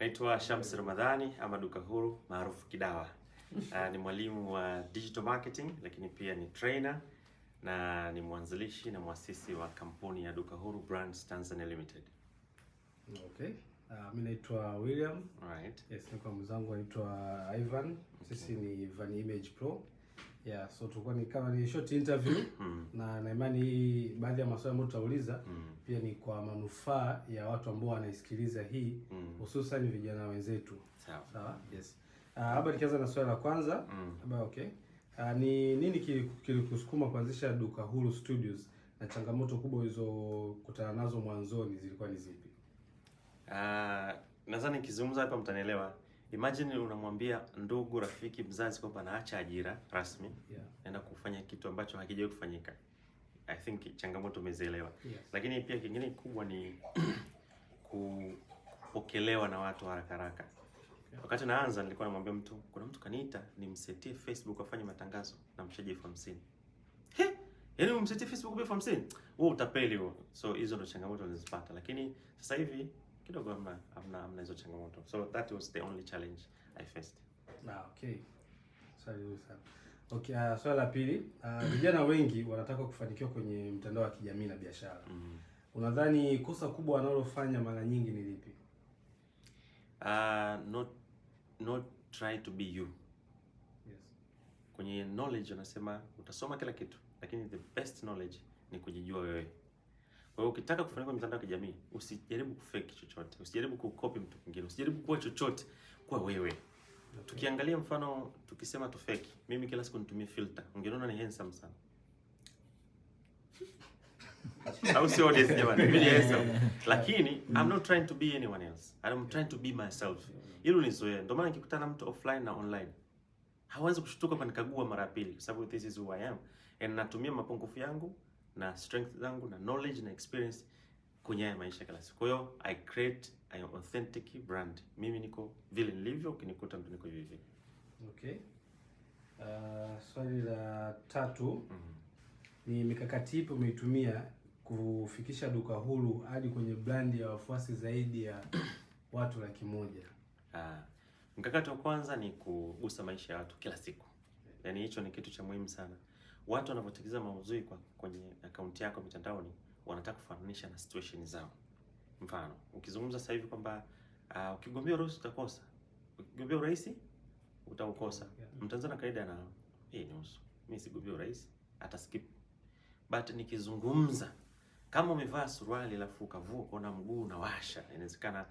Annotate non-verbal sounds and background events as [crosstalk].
Naitwa shams Ramadhani ama Duka Huru maarufu Kidawa. Uh, [laughs] ni mwalimu wa digital marketing lakini pia ni trainer na ni mwanzilishi na mwasisi wa kampuni ya Duka Huru Brands Tanzania Limited. Okay. Uh, mi naitwa William. Right. Yes, kwa mzangu anaitwa Ivan. Sisi okay. ni Ivan Image Pro. Yeah, so tulikuwa ni kama ni short interview [coughs] mm. na na imani hii baadhi ya maswali ambayo tutauliza mm. pia ni kwa manufaa ya watu ambao wanaisikiliza hii hmm. hususan mm. vijana wenzetu. Sawa. Sawa? Yes. Uh, nikianza na swali la kwanza. Mm. Aba, okay. Uh, ni nini kilikusukuma kuanzisha duka huru studios na changamoto kubwa ulizokutana nazo mwanzoni zilikuwa ni zipi? Uh, nadhani nikizungumza hapa mtanielewa. Imagine unamwambia ndugu, rafiki, mzazi kwamba naacha ajira rasmi yeah. naenda kufanya kitu ambacho hakijawahi kufanyika. I think changamoto umezielewa. Yes. Lakini pia kingine kikubwa ni [clears throat] kupokelewa na watu haraka haraka. Yeah. Wakati naanza nilikuwa namwambia mtu, kuna mtu kaniita nimsetie Facebook afanye matangazo na mshaji elfu hamsini. He? Yaani umsetie Facebook elfu hamsini? Wewe utapeli huo. So hizo ndo changamoto nilizipata. Lakini sasa hivi kidogo amna amna amna hizo changamoto, so that was the only challenge I faced. Na okay, swali zuri sana. Okay, uh, swali la pili, ah, vijana uh, wengi wanataka kufanikiwa kwenye mtandao wa kijamii na biashara mm. -hmm. Unadhani kosa kubwa wanalofanya mara nyingi ni lipi? Uh, not not try to be you. Yes. Kwenye knowledge unasema utasoma kila kitu, lakini the best knowledge ni kujijua wewe. mm ukitaka kufanya kwa mitandao ya kijamii, usijaribu kufake chochote, usijaribu kukopi mtu mwingine, usijaribu kuwa chochote kwa wewe. Okay. Tukiangalia mfano, tukisema tu fake, mimi kila siku nitumie filter, ungeona ni handsome sana, [laughs] au sio? Audience jamani, mimi ni handsome, lakini I'm not trying to be anyone else, I'm trying to be myself. Hilo ni zoea, ndio maana nikikutana mtu offline na online hawezi kushtuka kwa nikagua mara pili, kwa sababu this is who I am and natumia mapungufu yangu na strength zangu na knowledge na experience kwenye haya maisha kila siku. Kwa hiyo I create an authentic brand. Mimi niko vile nilivyo, ukinikuta mtu niko hivi Okay. Uh, swali la tatu mm -hmm. ni mikakati ipi umeitumia kufikisha duka huru hadi kwenye brandi ya wafuasi zaidi ya [clears throat] watu laki moja? Uh, mkakati wa kwanza ni kugusa maisha ya watu kila siku, yaani hicho ni kitu cha muhimu sana watu wanavyotekeleza maudhui kwa kwenye akaunti yako mitandaoni wanataka kufananisha na situation zao. Mfano, ukizungumza sasa hivi kwamba uh, ukigombea urais utakosa, ukigombea urais utaukosa. Mtanzania kawaida na hii ni nusu, mimi sigombea urais hata skip, but nikizungumza kama umevaa suruali alafu ukavua ukaona mguu unawasha, inawezekana